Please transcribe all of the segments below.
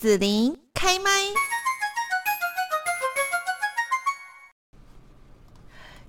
子琳開麥。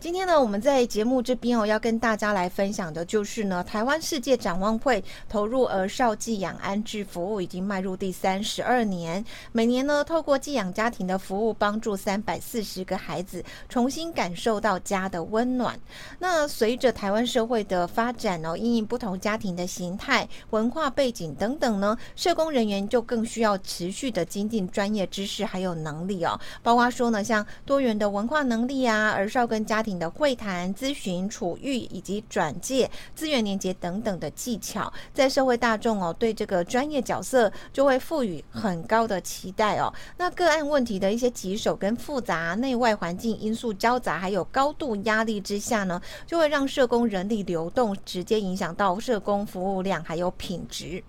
今天呢，我們在節目這邊哦，要跟大家來分享的，就是呢，台灣世界展望會投入兒少寄養安置服務已經邁入第三十二年，每年呢，透過寄養家庭的服務，幫助三百四十個孩子重新感受到家的溫暖。那隨着台灣社會的發展哦，因應不同家庭的形態、文化背景等等呢，社工人員就更需要持續的精進專業知識還有能力哦，包括說呢，像多元的文化能力啊，兒少跟家庭。的會談、諮詢、處遇以及轉介、資源連接等等的技巧，在社會大眾哦，對這個專業角色就會賦予很高的期待哦。那個案問題的一些棘手跟複雜、內外環境因素交雜，還有高度壓力之下呢，就會讓社工人力流動，直接影響到社工服務量還有品質。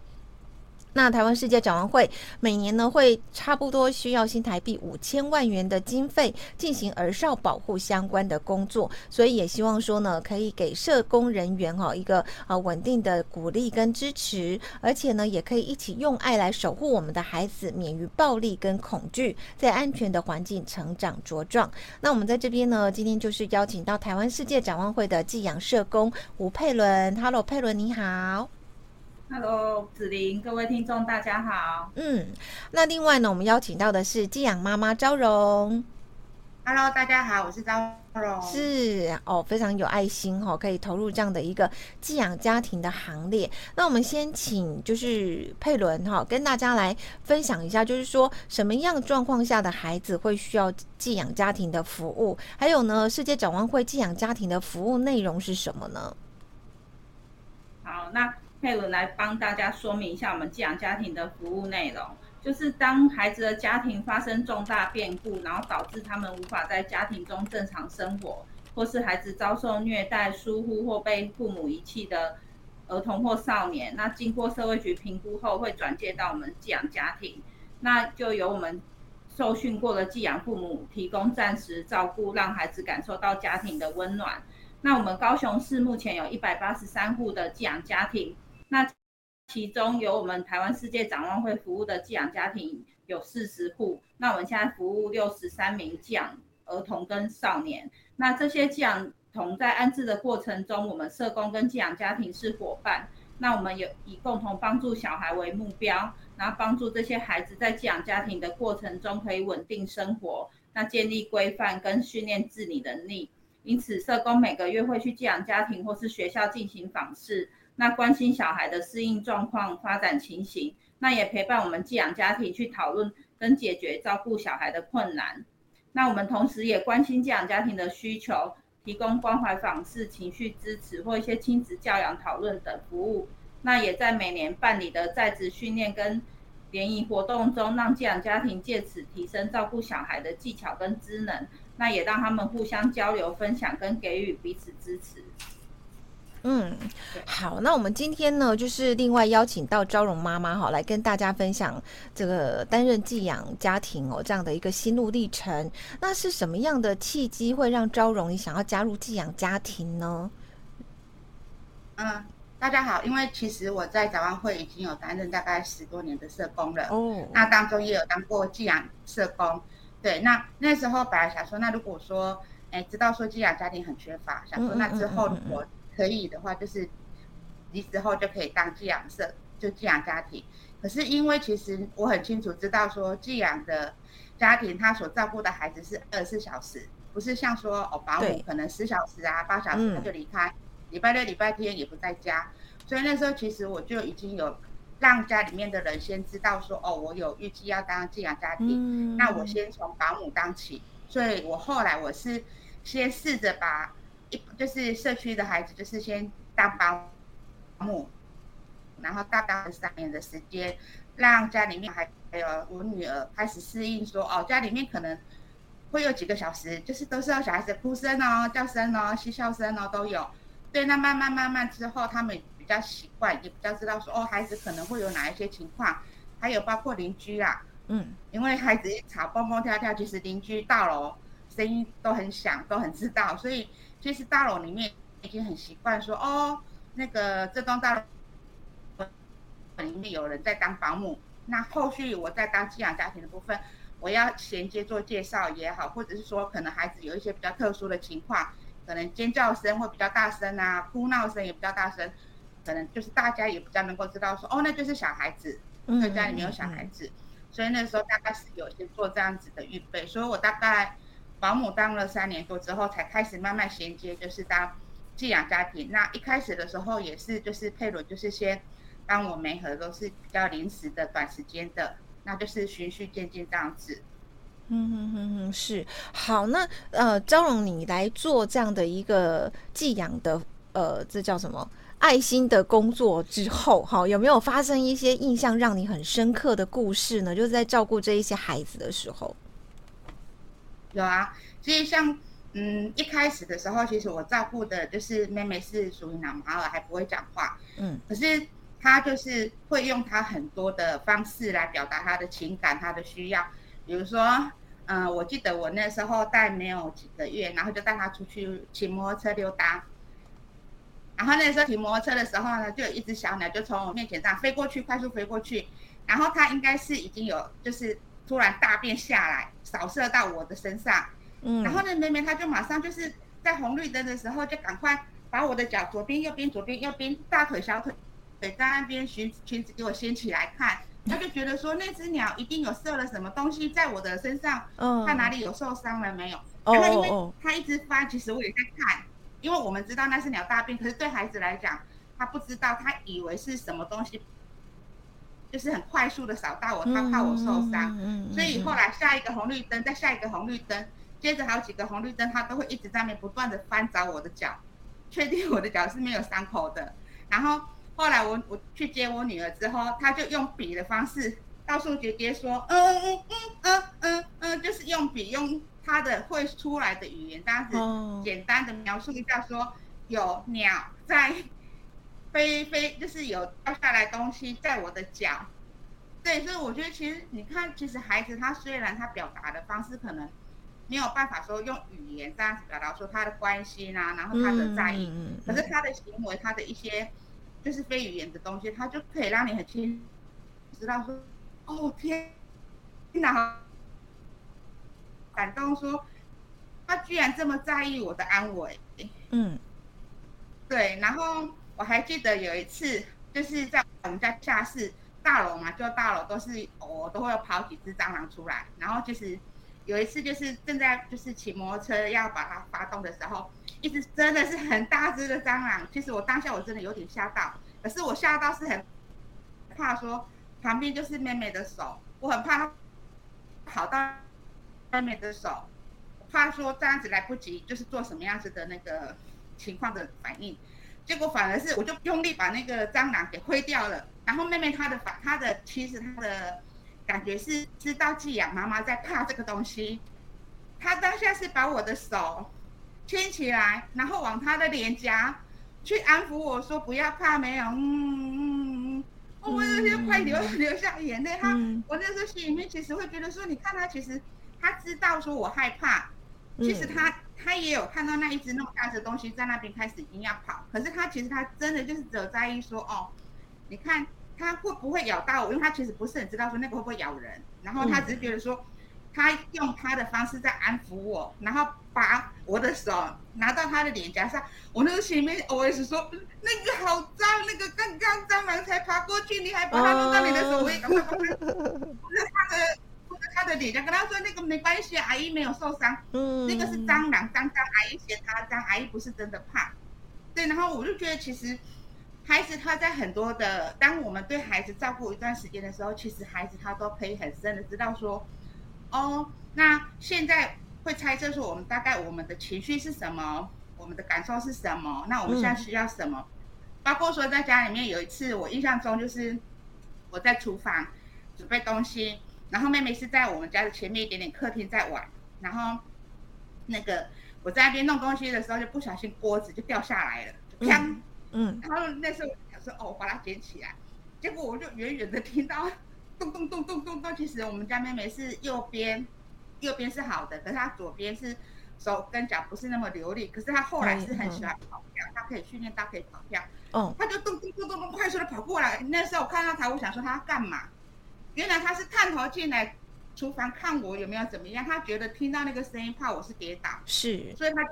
那台灣世界展望會每年呢，會差不多需要新台幣五千萬元的經費進行兒少保護相關的工作，所以也希望說呢，可以給社工人員哦一個啊穩定的鼓勵跟支持，而且呢，也可以一起用愛來守護我們的孩子，免於暴力跟恐懼，在安全的環境成長茁壯。那我們在這邊呢，今天就是邀請到台灣世界展望會的寄養社工吳佩倫，哈嘍，Hello, 佩倫你好。Hello，子琳，各位聽眾，大家好。嗯，那另外呢，我們邀請到的是寄養媽媽昭蓉。Hello，大家好，我是昭蓉。是哦，非常有愛心哈、哦，可以投入這樣的一個寄養家庭的行列。那我們先請就是佩倫哈、哦，跟大家來分享一下，就是說什麼樣狀況下的孩子會需要寄養家庭的服務？還有呢，世界展望會寄養家庭的服務內容是什麼呢？好，那。佩倫來幫大家說明一下我們寄養家庭的服務內容，就是當孩子的家庭發生重大變故，然後導致他們無法在家庭中正常生活，或是孩子遭受虐待、疏忽或被父母遺棄的兒童或少年，那經過社會局評估後，會轉介到我們寄養家庭，那就由我們受訓過的寄養父母提供暫時照顧，讓孩子感受到家庭的溫暖。那我們高雄市目前有一百八十三戶的寄養家庭。那其中由我們台灣世界展望會服務的寄養家庭有四十戶，那我們現在服務六十三名寄養兒童跟少年。那這些寄養童在安置的過程中，我們社工跟寄養家庭是夥伴。那我們有以共同幫助小孩為目標，然後幫助這些孩子在寄養家庭的過程中可以穩定生活，那建立規範跟訓練自理能力。因此，社工每個月會去寄養家庭或是學校進行訪視。那關心小孩的適應狀況、發展情形，那也陪伴我們寄養家庭去討論跟解決照顧小孩的困難。那我們同時也關心寄養家庭的需求，提供關懷訪視、情緒支持或一些親子教養討論等服務。那也在每年辦理的在職訓練跟聯誼活動中，讓寄養家庭借此提升照顧小孩的技巧跟知能，那也讓他們互相交流、分享跟給予彼此支持。嗯，好，那我們今天呢，就是另外邀請到昭蓉媽媽哈，來跟大家分享這個擔任寄養家庭哦這樣的一個心路歷程。那是什麼樣的契機，會讓昭蓉你想要加入寄養家庭呢？嗯，大家好，因為其實我在展望會已經有擔任大概十多年的社工了，哦，那當中也有當過寄養社工，對，那那時候本來想說，那如果說，哎、欸，知道說寄養家庭很缺乏，想說那之後我嗯嗯嗯嗯。可以的話，就是離職後就可以當寄養社，就寄養家庭。可是因為其實我很清楚知道說，寄養的家庭他所照顧的孩子是二十四小時，不是像說哦保姆可能十小時啊八小時他就離開，禮拜六禮拜天也不在家。所以那時候其實我就已經有讓家裡面的人先知道說，哦我有預計要當寄養家庭，那我先從保姆當起。所以我後來我是先試着把。就是社區的孩子，就是先當保姆，然後大概三年的時間，讓家裡面還還有我女兒開始適應說哦，家裡面可能會有幾個小時，就是都是要小孩子哭聲哦、叫聲哦、嬉笑聲哦都有。對，那慢慢慢慢之後，他們比較習慣，也比較知道說哦，孩子可能會有哪一些情況，還有包括鄰居啊，嗯，因為孩子一吵、蹦蹦跳跳，其實鄰居到了哦。聲音都很響，都很知道，所以其實大樓裡面已經很習慣說哦，那個這棟大樓裡面有人在當保姆。那後續我在當寄養家庭的部分，我要銜接做介紹也好，或者是說可能孩子有一些比較特殊的情況，可能尖叫聲會比較大聲啊，哭鬧聲也比較大聲，可能就是大家也比較能夠知道說哦，那就是小孩子，在家裡面有小孩子。嗯嗯嗯。所以那時候大概是有些做這樣子的預備，所以我大概。保姆當了三年多之後，才開始慢慢銜接，就是當寄養家庭。那一開始的時候也是，就是佩倫就是先幫我媒合都是比較臨時的、短時間的，那就是循序漸進這樣子。嗯嗯嗯嗯，是。好，那呃，昭蓉，你來做這樣的一個寄養的，呃，這叫什麼愛心的工作之後，哈、哦，有沒有發生一些印象讓你很深刻的故事呢？就是在照顧這一些孩子的時候。有啊，其實像，嗯，一開始的時候，其實我照顧的就是妹妹，是屬於腦麻兒，還不會講話，嗯，可是她就是會用她很多的方式來表達她的情感、她的需要，比如說，嗯、呃，我記得我那時候帶沒有幾個月，然後就帶她出去騎摩托車溜達，然後那時候騎摩托車的時候呢，就有一只小鳥就從我面前這樣飛過去，快速飛過去，然後她應該是已經有就是突然大便下來。掃射到我的身上，嗯，然後那妹妹她就馬上就是在紅綠燈的時候就趕快把我的腳左邊右邊左邊右邊大腿小腿腿在那邊裙、裙子給我掀起來看，她就覺得說那只鳥一定有射了什麼東西在我的身上，嗯，看哪裡有受傷了沒有。哦，然後因為她一直翻，其實我也在看，因為我們知道那是鳥大便，可是對孩子來講，他不知道，他以為是什麼東西。就是很快速的掃到我，他怕，怕我受傷，嗯嗯嗯嗯，所以後來下一個紅綠燈，再下一個紅綠燈，接着好幾個紅綠燈，他都會一直在那不斷的翻找我的腳，確定我的腳是沒有傷口的。然後後來我我去接我女兒之後，他就用筆的方式告訴姐姐說，嗯嗯嗯嗯嗯嗯嗯，就是用筆用他的會出來的語言，這樣子簡單的描述一下說、哦、有鳥在。飛飛就是有掉下來東西在我的腳，對，所以我覺得其實你看，其實孩子他雖然他表達的方式可能沒有辦法說用語言這樣子表達說他的關心啊，然後他的在意，嗯嗯嗯嗯、可是他的行為，他的一些就是非語言的東西，他就可以讓你很清楚知道說，哦天哪，感動說他居然這麼在意我的安危。嗯，對，然後。我還記得有一次，就是在我們家下是大樓嘛，就大樓都是我、哦、都會跑幾只蟑螂出來。然後就是有一次，就是正在就是騎摩托車要把它發動的時候，一隻真的是很大只的蟑螂。其實我當下我真的有點嚇到，可是我嚇到是很怕說旁邊就是妹妹的手，我很怕她跑到妹妹的手，怕說這樣子來不及，就是做什麼樣子的那個情況的反應。結果反而是，我就用力把那個蟑螂給揮掉了。然後妹妹她的反她的，其實她的感覺是知道寄養媽媽在怕這個東西，她當下是把我的手牽起來，然後往她的臉頰去安撫我說不要怕，沒有，嗯嗯嗯，我就是快流、嗯、流下眼淚，她，嗯、我那時候心裡面其實會覺得說，你看她其實她知道說我害怕。其實他他也有看到那一隻那麼大的東西在那邊開始已經要跑，可是他其實他真的就是只有在意說哦，你看它會不會咬到我？因為他其實不是很知道說那個會不會咬人，然後他只是覺得說，他用他的方式在安撫我，然後把我的手拿到他的臉頰上。我那個心裡面 OS 說，那個好髒，那個剛剛蟑螂才爬過去，你還把它弄到你的手，哈哈、啊 他的臉，就跟他說：“那個沒關係，阿姨沒有受傷。那個是蟑螂，蟑螂，蟑螂，阿姨嫌他髒，但阿姨不是真的怕。”對，然後我就覺得，其實孩子他在很多的，當我們對孩子照顧一段時間的時候，其實孩子他都可以很深的知道說：“哦，那現在會猜測說我們大概我們的情緒是什麼，我們的感受是什麼，那我們現在需要什麼。嗯”包括說在家裡面，有一次我印象中就是我在廚房準備東西。然後妹妹是在我們家的前面一點點客廳在玩，然後，那個我在那邊弄東西的時候，就不小心鍋子就掉下來了，砰，嗯，嗯，然後那時候我想說哦，我把它撿起來，結果我就遠遠的聽到咚咚咚咚咚咚。其實我們家妹妹是右邊，右邊是好的，可是她左邊是手跟腳不是那麼流利，可是她後來是很喜歡跑跳，哎，嗯，她可以訓練她可以跑跳，哦，她就咚咚咚咚咚快速的跑過來，那時候我看到她，我想說她要幹嘛？原來他是探頭進來廚房看我有沒有怎麼樣，他覺得聽到那個聲音，怕我是跌倒，是，所以他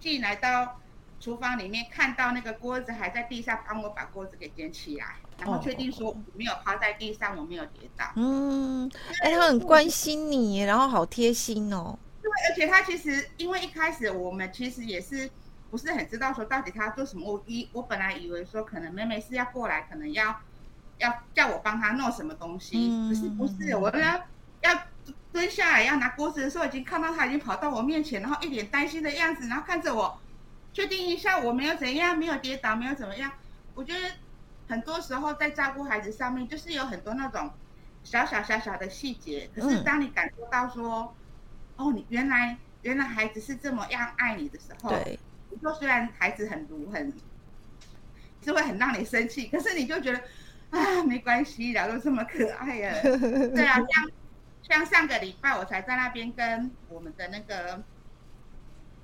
進來到廚房裡面，看到那個鍋子還在地上，幫我把鍋子給撿起來，然後確定說沒有趴在地上，哦、我沒有跌倒。嗯、欸，他很關心你，然後好貼心哦。對，而且他其實因為一開始我們其實也是不是很知道說到底他要做什麼，我一我本來以為說可能妹妹是要過來，可能要。要叫我幫他弄什麼東西，可是、嗯、不是，不是我，要要蹲下來要拿鍋子的時候，已經看到他已經跑到我面前，然後一臉擔心的樣子，然後看着我，確定一下我沒有怎樣，沒有跌倒，沒有怎麼樣。我覺得很多時候在照顧孩子上面，就是有很多那種小小小小的細節。嗯、可是當你感受到說，哦，你原來原來孩子是這麼樣愛你的時候，對。你說雖然孩子很毒很，是會很讓你生氣，可是你就覺得。啊，沒關係，然後都這麼可愛啊！對啊，像像上個禮拜，我才在那邊跟我們的那個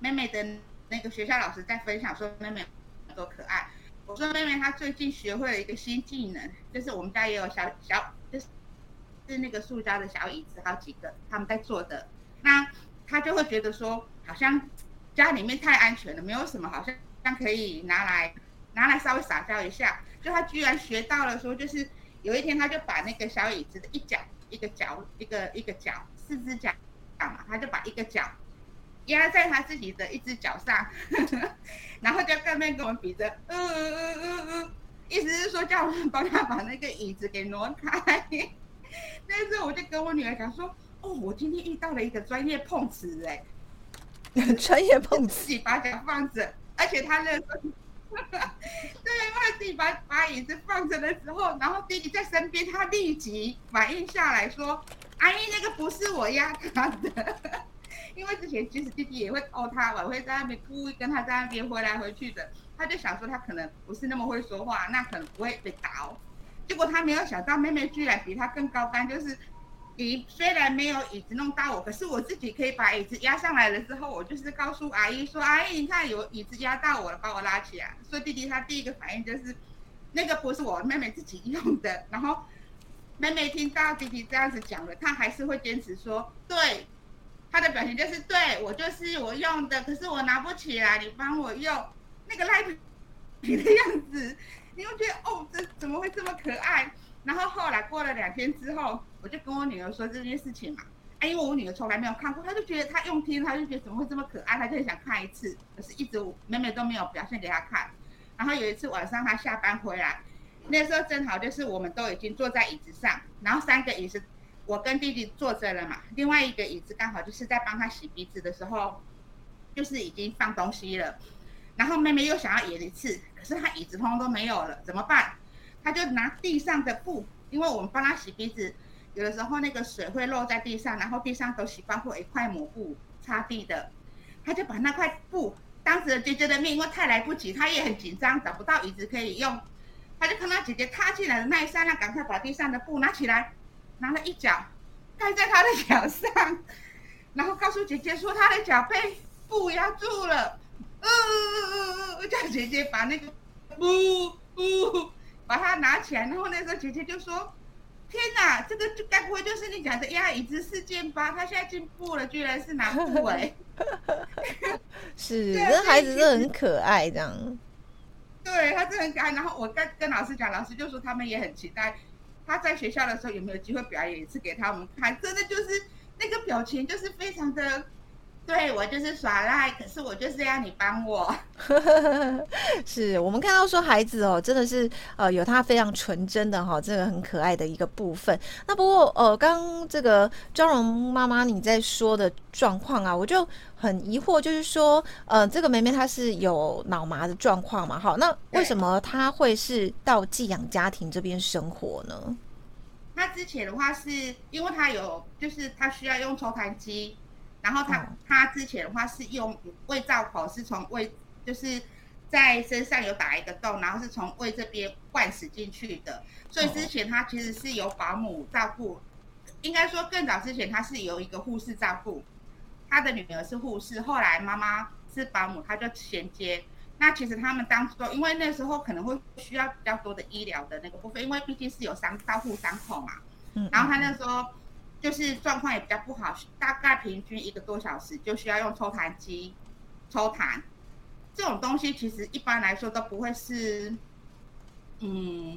妹妹的那個學校老師在分享，說妹妹有多可愛。我說妹妹她最近學會了一個新技能，就是我們家也有小小就是是那個塑膠的小椅子好幾個，他們在坐的。那他就會覺得說好像家裡面太安全了，沒有什麼好像可以拿來。拿來稍微撒嬌一下，就他居然學到了，說就是有一天他就把那個小椅子的一角、一個角、一個一個腳四只腳幹嘛，他就把一個腳壓在他自己的一只腳上，呵呵然後就正面跟我們比着，嗯嗯嗯嗯，嗯，意思是說叫我們幫他把那個椅子給挪開。那時候我就跟我女兒講說，哦，我今天遇到了一個專業碰瓷哎、欸，專業碰瓷，把腳放着，而且他那個。哈哈， 對，外弟把把椅子放着的時候，然後弟弟在身邊，他立即反應下來說：“阿姨，那個不是我壓他的。 ”因為之前其實弟弟也會毆他嘛，我會在那邊故意跟他在那邊回來回去的。他就想說他可能不是那麼會說話，那可能不會被打哦。結果他沒有想到妹妹居然比他更高竿，就是。你雖然沒有椅子弄到我，可是我自己可以把椅子壓上來了之後，我就是告訴阿姨說：“阿姨，你看有椅子壓到我了，把我拉起來。”所以弟弟他第一個反應就是，那個不是我妹妹自己用的。然後妹妹聽到弟弟這樣子講了，她還是會堅持說：“對，她的表情就是對我就是我用的，可是我拿不起來，你幫我用那個賴皮的樣子，你會覺得哦，這怎麼會這麼可愛？”然後後來過了兩天之後。我就跟我女兒說這件事情嘛，哎，因為我女兒從來沒有看過，她就覺得她用聽，她就覺得怎麼會這麼可愛，她就很想看一次。可是一直我妹妹都沒有表現給她看。然後有一次晚上她下班回來，那時候正好就是我們都已經坐在椅子上，然後三個椅子，我跟弟弟坐着了嘛，另外一個椅子剛好就是在幫她洗鼻子的時候，就是已經放東西了。然後妹妹又想要演一次，可是她椅子通通都沒有了，怎麼辦？她就拿地上的布，因為我們幫她洗鼻子。有的時候那個水會落在地上，然後地上都習慣會有一塊抹布擦地的，他就把那塊布當時姐姐的命，因為太來不及，他也很緊張，找不到椅子可以用，他就看到姐姐踏進來的那一剎那，趕快把地上的布拿起來，拿了一腳蓋在他的腳上，然後告訴姐姐說他的腳被布壓住了，嗯、呃，叫姐姐把那個布布把它拿起來，然後那個姐姐就說。天哪、啊，這個就該不會就是你講的“呀椅子事件”吧？他現在進步了，居然是男護哎！ 是，這孩子是很可愛，這樣。對他真的很可愛。然後我剛跟老師講，老師就說他們也很期待他在學校的時候有沒有機會表演一次給他們看。真的就是那個表情，就是非常的。對我就是耍賴，可是我就是要你幫我。 是我們看到說孩子哦、喔，真的是呃有他非常純真的哈，這、喔、個很可愛的一個部分。那不過呃，剛這個昭蓉媽媽你在說的狀況啊，我就很疑惑，就是說呃，這個妹妹她是有腦麻的狀況嘛？好，那為什麼她會是到寄養家庭這邊生活呢？她之前的話是因為她有，就是她需要用抽痰機。然後他他之前的話是用胃造口，是從胃就是在身上有打一個洞，然後是從胃這邊灌食進去的。所以之前他其實是由保姆照顧，應該說更早之前他是由一個護士照顧，他的女兒是護士，後來媽媽是保姆，他就銜接。那其實他們當初因為那時候可能會需要比較多的醫療的那個部分，因為畢竟是有傷照顧傷口嘛。嗯。然後他那時候。嗯嗯就是狀況也比較不好，大概平均一個多小時就需要用抽痰機抽痰。這種東西其實一般來說都不會是，嗯，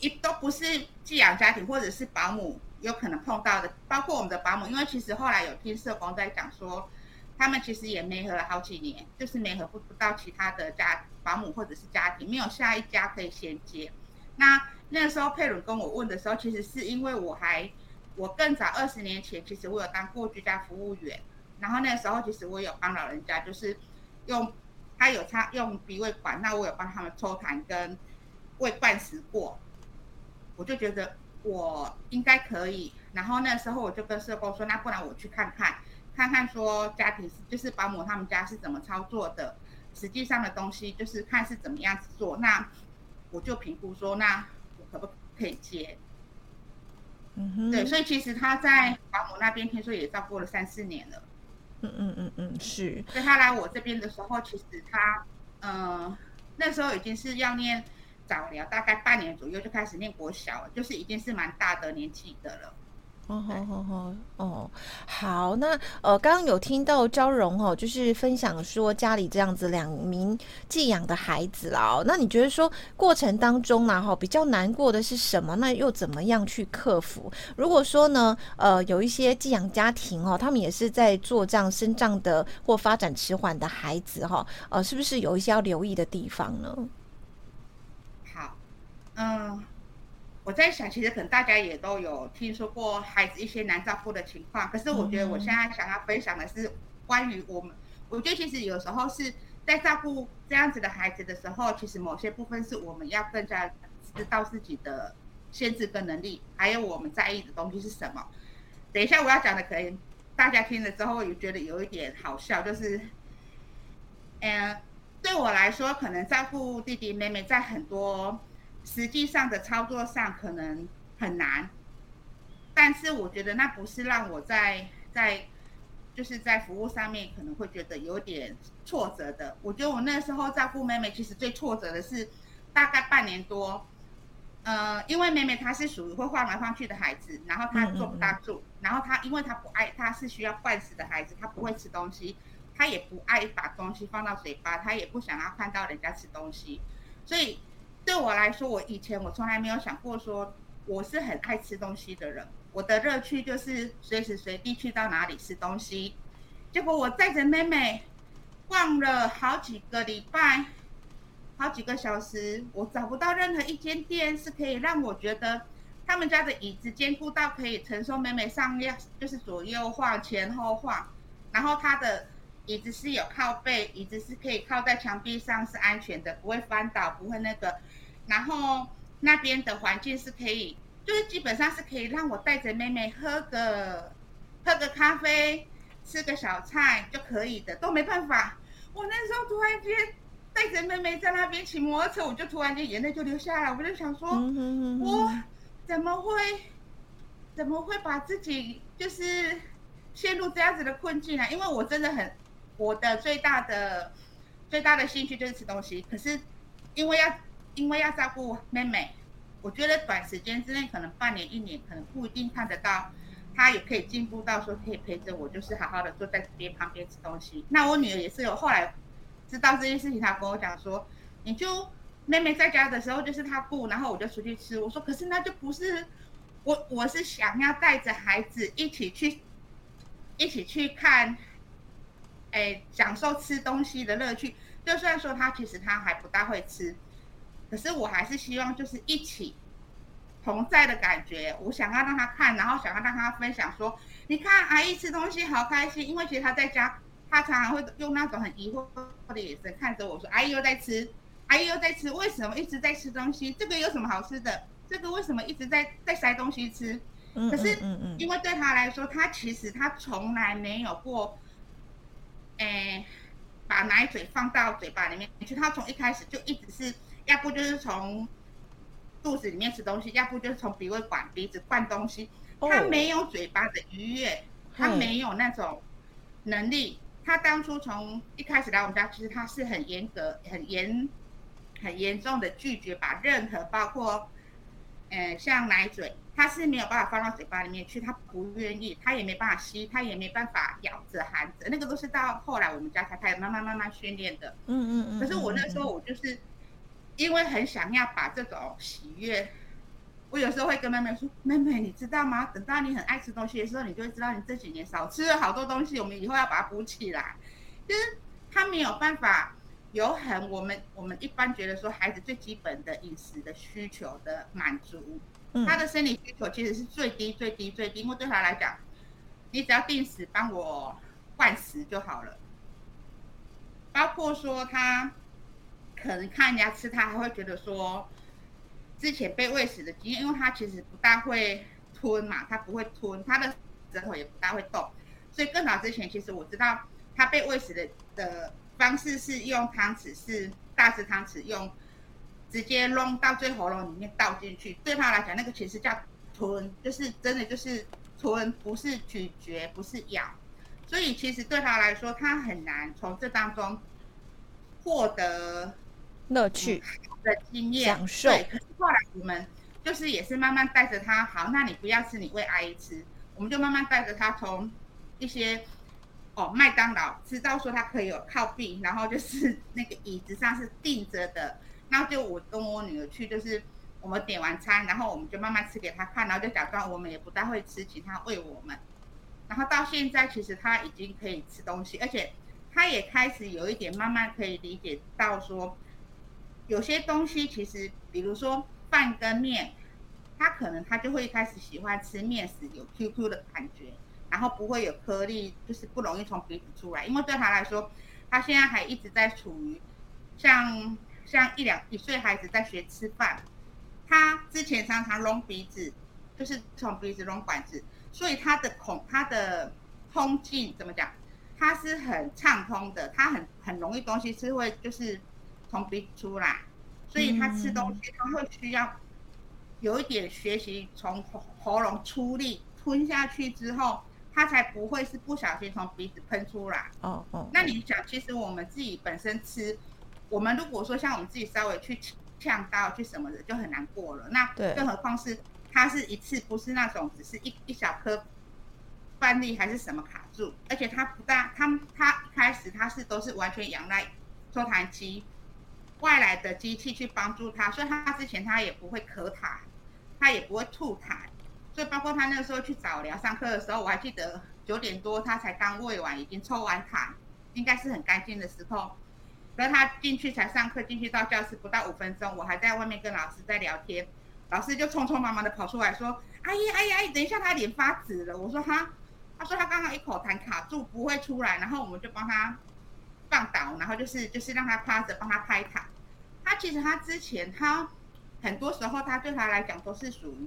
一都不是寄養家庭或者是保姆有可能碰到的。包括我們的保姆，因為其實後來有聽社工在講說，他們其實也媒合了好幾年，就是媒合不不到其他的家保姆或者是家庭，沒有下一家可以銜接。那那個時候佩倫跟我問的時候，其實是因為我還。我更早二十年前，其實我有當過居家服務員，然後那時候其實我有幫老人家，就是用他有插用鼻胃管，那我有幫他們抽痰跟餵飯食過，我就覺得我應該可以，然後那時候我就跟社工說，那不然我去看看，看看說家庭是就是保姆他們家是怎麼操作的，實際上的東西就是看是怎麼樣做，那我就評估說，那我可不可以接？嗯哼，對，所以其實他在保姆那邊聽說也照顧了三四年了。嗯嗯嗯嗯，是。所以他來我這邊的時候，其實他嗯、呃、那時候已經是要念早療，大概半年左右就開始念國小了，就是已經是蠻大的年紀的了。哦，好好好，哦，好，那呃，剛剛有聽到昭蓉哦，就是分享說家裡這樣子兩名寄養的孩子啦、喔，那你覺得說過程當中呢、啊，哈、喔，比較難過的是什麼？那又怎麼樣去克服？如果說呢，呃，有一些寄養家庭哦、喔，他們也是在做這樣身障的或發展遲緩的孩子哈，呃、喔喔，是不是有一些要留意的地方呢？好，嗯。我在想，其實可能大家也都有聽說過孩子一些難照顧的情況，可是我覺得我現在想要分享的是關於我們，嗯嗯。我覺得其實有時候是在照顧這樣子的孩子的時候，其實某些部分是我們要更加知道自己的限制跟能力，還有我們在意的東西是什麼。等一下我要講的可能大家聽了之後也覺得有一點好笑，就是，嗯，對我來說，可能照顧弟弟妹妹在很多。實際上的操作上可能很難，但是我覺得那不是讓我在在，就是在服務上面可能會覺得有點挫折的。我覺得我那時候照顧妹妹，其實最挫折的是，大概半年多，嗯、呃，因為妹妹她是屬於會晃來晃去的孩子，然後她坐不大住，嗯嗯嗯，然後她因為她不愛，她是需要灌食的孩子，她不會吃東西，她也不愛把東西放到嘴巴，她也不想要看到人家吃東西，所以。對我來說，我以前我從來沒有想過說我是很愛吃東西的人。我的樂趣就是隨時隨地去到哪裡吃東西。結果我載着妹妹逛了好幾個禮拜，好幾個小時，我找不到任何一間店是可以讓我覺得他們家的椅子堅固到可以承受妹妹上量，就是左右晃，前後晃，然後它的。椅子是有靠背，椅子是可以靠在牆壁上，是安全的，不會翻倒，不會那個。然後那邊的環境是可以，就是基本上是可以讓我帶着妹妹喝個喝個咖啡，吃個小菜就可以的，都沒辦法。我那時候突然間帶着妹妹在那邊騎摩托車，我就突然間眼淚就流下來，我就想說，嗯哼嗯哼。我怎麼會怎麼會把自己就是陷入這樣子的困境呢、啊？因為我真的很。我的最大的最大的興趣就是吃東西，可是因為要因為要照顧妹妹，我覺得短時間之內可能半年一年可能不一定看得到，她也可以進步到說可以陪着我，就是好好的坐在這邊旁邊吃東西。那我女兒也是有後來知道這件事情，她跟我講說，你就妹妹在家的時候就是她顧，然後我就出去吃。我說，可是那就不是我我是想要帶着孩子一起去一起去看，哎、欸，享受吃東西的樂趣。就算說他其實他還不大會吃，可是我還是希望就是一起同在的感覺。我想要讓他看，然後想要讓他分享說：“你看，阿姨吃東西好開心。”因為其實他在家，他常常會用那種很疑惑的眼神看着我說：“阿姨又在吃，阿姨又在吃，為什麼一直在吃東西？這個有什麼好吃的？這個為什麼一直在在塞東西吃？”可是因為對他來說，他其實他從來沒有過。誒、呃，把奶嘴放到嘴巴裡面，其實他從一開始就一直是要不就是從肚子裡面吃東西，要不就是從鼻胃管鼻子灌東西，他沒有嘴巴的愉悅，他沒有那種能力。他當初從一開始來我們家，其實他是很嚴格、很嚴、很嚴重的拒絕把任何包括，呃，像奶嘴。他是沒有辦法放到嘴巴裡面去，他不願意，他也沒辦法吸，他也沒辦法咬着含着，那個都是到後來我們家才開始慢慢慢慢訓練的。嗯嗯，嗯，嗯，嗯。可是我那時候我就是，因為很想要把這種喜悅，我有時候會跟妹妹說：“妹妹，你知道嗎？等到你很愛吃東西的時候，你就會知道你這幾年少吃了好多東西，我們以後要把它補起來。”就是他沒有辦法。有很，我們我們一般覺得說，孩子最基本的飲食的需求的滿足，嗯、他的生理需求其實是最低最低最低。因為對他來講，你只要定時幫我灌食就好了。包括說他可能看人家吃，他還會覺得說，之前被餵食的經驗，因為他其實不大會吞嘛，他不會吞，他的舌頭也不大會動，所以更早之前，其實我知道他被餵食的的。方式是用湯匙，是大支湯匙，用直接弄到最喉嚨裡面倒進去。對他來講，那個其實叫吞，就是真的就是吞，不是咀嚼，不是咬。所以其實對他來說，他很難從這當中獲得樂趣的經驗。享受。對。可是後來我們就是也是慢慢帶着他，好，那你不要吃，你餵阿姨吃。我們就慢慢帶着他從一些。哦，麥當勞知道說它可以有靠背，然後就是那個椅子上是定着的。然後就我跟我女兒去，就是我們點完餐，然後我們就慢慢吃給她看，然後就假裝我們也不太會吃，請她餵我們。然後到現在，其實他已經可以吃東西，而且他也開始有一點慢慢可以理解到說，有些東西其實，比如說飯跟麵，他可能他就會開始喜歡吃麵食，有 QQ 的感覺。然後不會有顆粒，就是不容易從鼻子出來。因為對他來說，他現在還一直在處於像像一兩一歲孩子在學吃飯。他之前常常隆鼻子，就是從鼻子隆管子，所以他的孔、他的通徑怎麼講？他是很暢通的，他很很容易東西是會就是從鼻子出來，所以他吃東西他會需要有一點學習從喉喉嚨出力吞下去之後。它才不會是不小心從鼻子噴出來。哦哦。那你想，其實我們自己本身吃，我們如果說像我們自己稍微去嗆到去什麼的，就很難過了。那對，更何況是它是一次，不是那種只是一一小顆飯粒還是什麼卡住，而且它不但，它它一開始它是都是完全仰賴抽痰機外來的機器去幫助它，所以它之前它也不會咳痰，它也不會吐痰。所以，包括他那個時候去早療上課的時候，我還記得九點多他才剛餵完，已經抽完痰，應該是很乾淨的時候。那他進去才上課，進去到教室不到五分鐘，我還在外面跟老師在聊天，老師就匆匆忙忙的跑出來說：“哎呀，哎呀，阿姨，等一下他臉發紫了。”我說他，他說他剛剛一口痰卡住，不會出來。然後我們就幫他放倒，然後就是就是讓他趴着，幫他拍痰。他其實他之前他很多時候他對他來講都是屬於。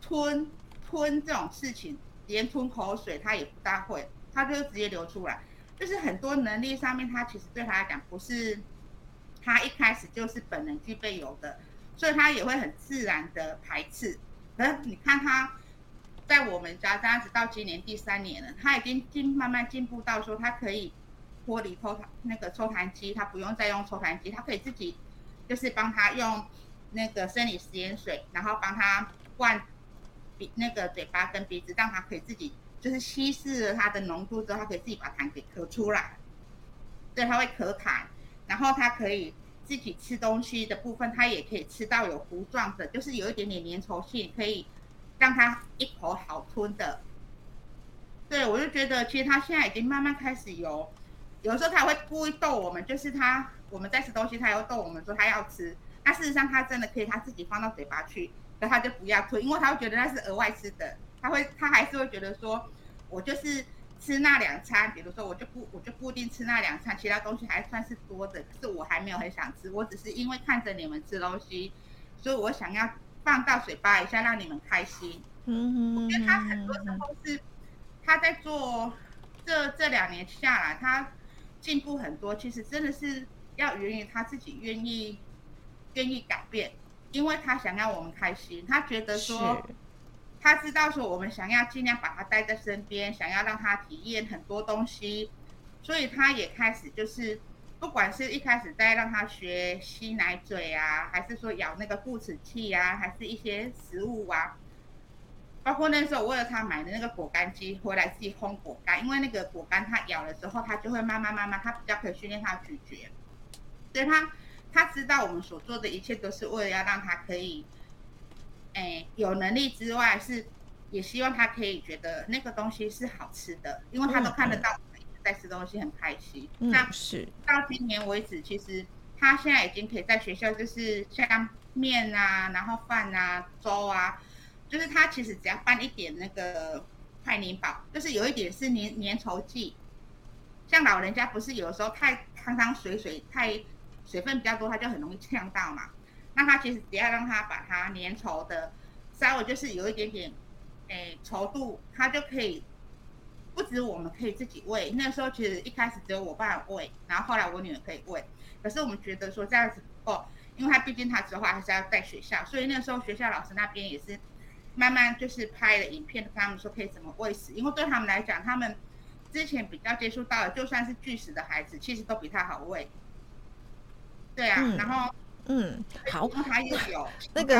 吞吞這種事情，連吞口水他也不大會，他就直接流出來。就是很多能力上面，他其實對他來講不是他一開始就是本能具備有的，所以他也會很自然的排斥。可是，你看他在我們家這樣子到今年第三年了，他已經進慢慢進步到說他可以脫離抽痰那個抽痰機，他不用再用抽痰機，他可以自己就是幫他用那個生理食鹽水，然後幫他灌。鼻，那個嘴巴跟鼻子，讓它可以自己就是稀釋了它的濃度之後，它可以自己把痰給咳出來。對，它會咳痰，然後它可以自己吃東西的部分，它也可以吃到有糊狀的，就是有一點點粘稠性，可以讓它一口好吞的。對，我就覺得其實它現在已經慢慢開始有，有時候它會故意逗我們，就是它我們在吃東西，它又逗我們說它要吃，那事實上它真的可以，它自己放到嘴巴去。那他就不要推，因為他會覺得那是額外吃的，他會他還是會覺得說，我就是吃那兩餐，比如說我就不，我就固定吃那兩餐，其他東西還算是多的，可是我還沒有很想吃，我只是因為看着你們吃東西，所以我想要放到嘴巴一下讓你們開心。嗯哼，嗯哼，我跟他很多時候是，他在做這這兩年下來，他進步很多，其實真的是要源於他自己願意願意改變。因為他想要我們開心，他覺得說，是他知道說我們想要盡量把他帶在身邊，想要讓他體驗很多東西，所以他也開始就是，不管是一開始在讓他學吸奶嘴啊，還是說咬那個固齒器啊，還是一些食物啊，包括那時候我為了他買的那個果乾機，回來自己烘果乾，因為那個果乾他咬了之後，他就會慢慢慢慢，他比較可以訓練他的咀嚼，所以他。他知道我們所做的一切都是為了要讓他可以，誒、欸、有能力之外是，是也希望他可以覺得那個東西是好吃的，因為他都看得到我們在吃東西很開心。嗯嗯、是那是到今年為止，其實他現在已經可以在學校，就是像麵啊，然後飯啊、粥啊，就是他其實只要拌一點那個快凝寶，就是有一點是粘粘稠劑，像老人家不是有時候太湯湯水水太。水分比較多，它就很容易嗆到嘛。那它其實只要讓它把它粘稠的，稍微就是有一點點，誒、欸，稠度，它就可以。不止我們可以自己餵，那時候其實一開始只有我爸餵，然後後來我女兒可以餵。可是我們覺得說這樣子不夠，因為他畢竟他之後還是要在學校，所以那時候學校老師那邊也是慢慢就是拍了影片，跟他們說可以怎麼餵食。因為對他們來講，他們之前比較接觸到的，就算是拒食的孩子，其實都比他好餵。對啊，嗯、然後嗯，好，那個，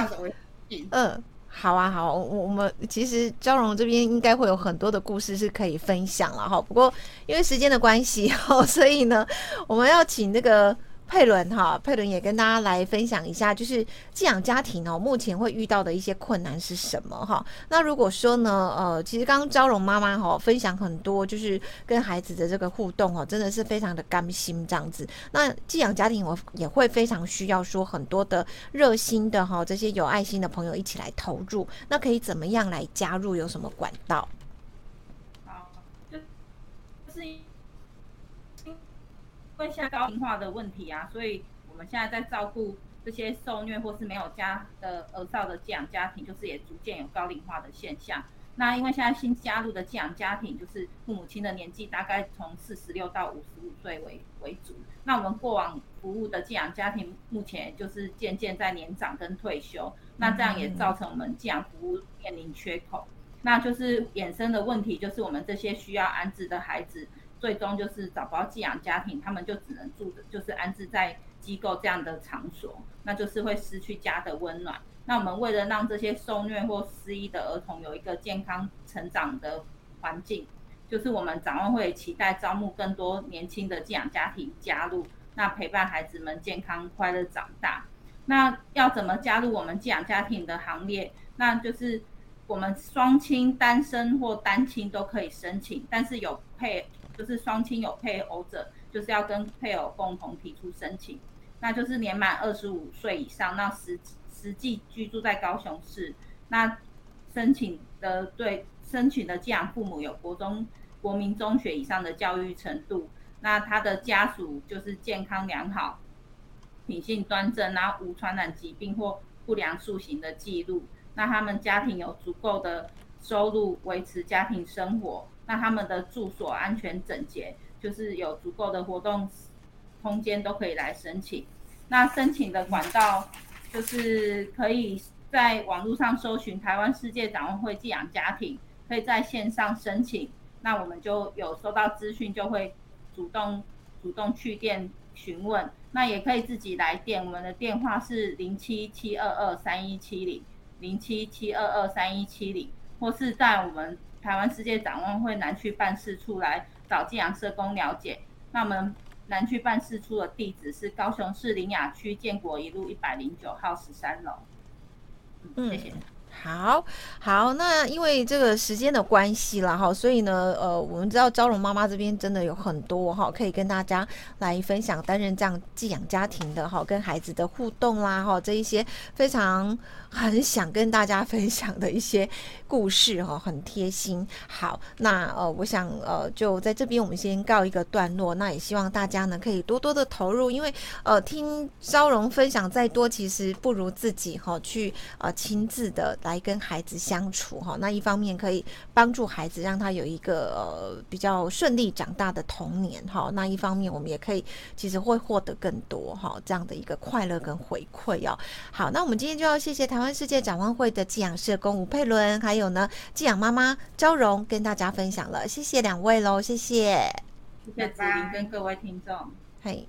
嗯、呃，好啊，好，我我們其實昭蓉這邊應該會有很多的故事是可以分享了哈。不過因為時間的關係哦，所以呢，我們要請那個。佩倫哈，佩倫也跟大家來分享一下，就是寄養家庭哦，目前會遇到的一些困難是什麼哈？那如果說呢，呃，其實剛剛昭蓉媽媽哈分享很多，就是跟孩子的這個互動哦，真的是非常的甘心這樣子。那寄養家庭我也會非常需要說很多的熱心的哈，這些有愛心的朋友一起來投入。那可以怎麼樣來加入？有什麼管道？好，就是。因為現在高齡化的問題啊，所以我們現在在照顧這些受虐或是沒有家的兒少的寄養家庭，就是也逐漸有高齡化的現象。那因為現在新加入的寄養家庭，就是父母親的年紀大概從四十六到五十五歲為為主。那我們過往服務的寄養家庭，目前就是漸漸在年長跟退休，嗯嗯，那這樣也造成我們寄養服務面臨缺口。那就是衍生的問題，就是我們這些需要安置的孩子。最終就是找不到寄養家庭，他們就只能住的，就是安置在機構這樣的場所，那就是會失去家的溫暖。那我們為了讓這些受虐或失依的兒童有一個健康成長的環境，就是我們展望會期待招募更多年輕的寄養家庭加入，那陪伴孩子們健康快樂長大。那要怎麼加入我們寄養家庭的行列？那就是我們雙親、單身或單親都可以申請，但是有配。就是雙親有配偶者，就是要跟配偶共同提出申請。那就是年滿二十五歲以上，那實實際居住在高雄市，那申請的對申請的寄養父母有國中國民中學以上的教育程度，那他的家屬就是健康良好，品性端正，然後無傳染疾病或不良素行的記錄，那他們家庭有足夠的收入維持家庭生活。那他們的住所安全整潔，就是有足夠的活動空間都可以來申請。那申請的管道就是可以在網絡上搜尋台灣世界展望會寄養家庭，可以在線上申請。那我們就有收到資訊就會主動主動去電詢問，那也可以自己來電，我們的電話是零七七二二三一七零零七七二二三一七零，或是在我們。台灣世界展望會南區辦事處來找寄養社工了解，那我們南區辦事處的地址是高雄市苓雅區建國一路一百零九號十三樓。嗯，謝謝。嗯好好，那因為這個時間的關係了哈，所以呢，呃，我們知道昭蓉媽媽這邊真的有很多哈、哦，可以跟大家來分享擔任這樣寄養家庭的哈、哦，跟孩子的互動啦哈、哦，這一些非常很想跟大家分享的一些故事哈、哦，很貼心。好，那呃，我想呃，就在這邊我們先告一個段落，那也希望大家呢可以多多的投入，因為呃，聽昭蓉分享再多，其實不如自己哈、哦、去啊、呃、親自的。來跟孩子相處哈，那一方面可以幫助孩子，讓他有一個、呃、比較順利長大的童年哈，那一方面我們也可以其實會獲得更多哈，這樣的一個快樂跟回饋哦。好，那我們今天就要謝謝台灣世界展望會的寄養社工吳佩倫，還有呢寄養媽媽昭蓉跟大家分享了，謝謝兩位嘍，謝謝，謝謝子琳跟各位聽眾，嘿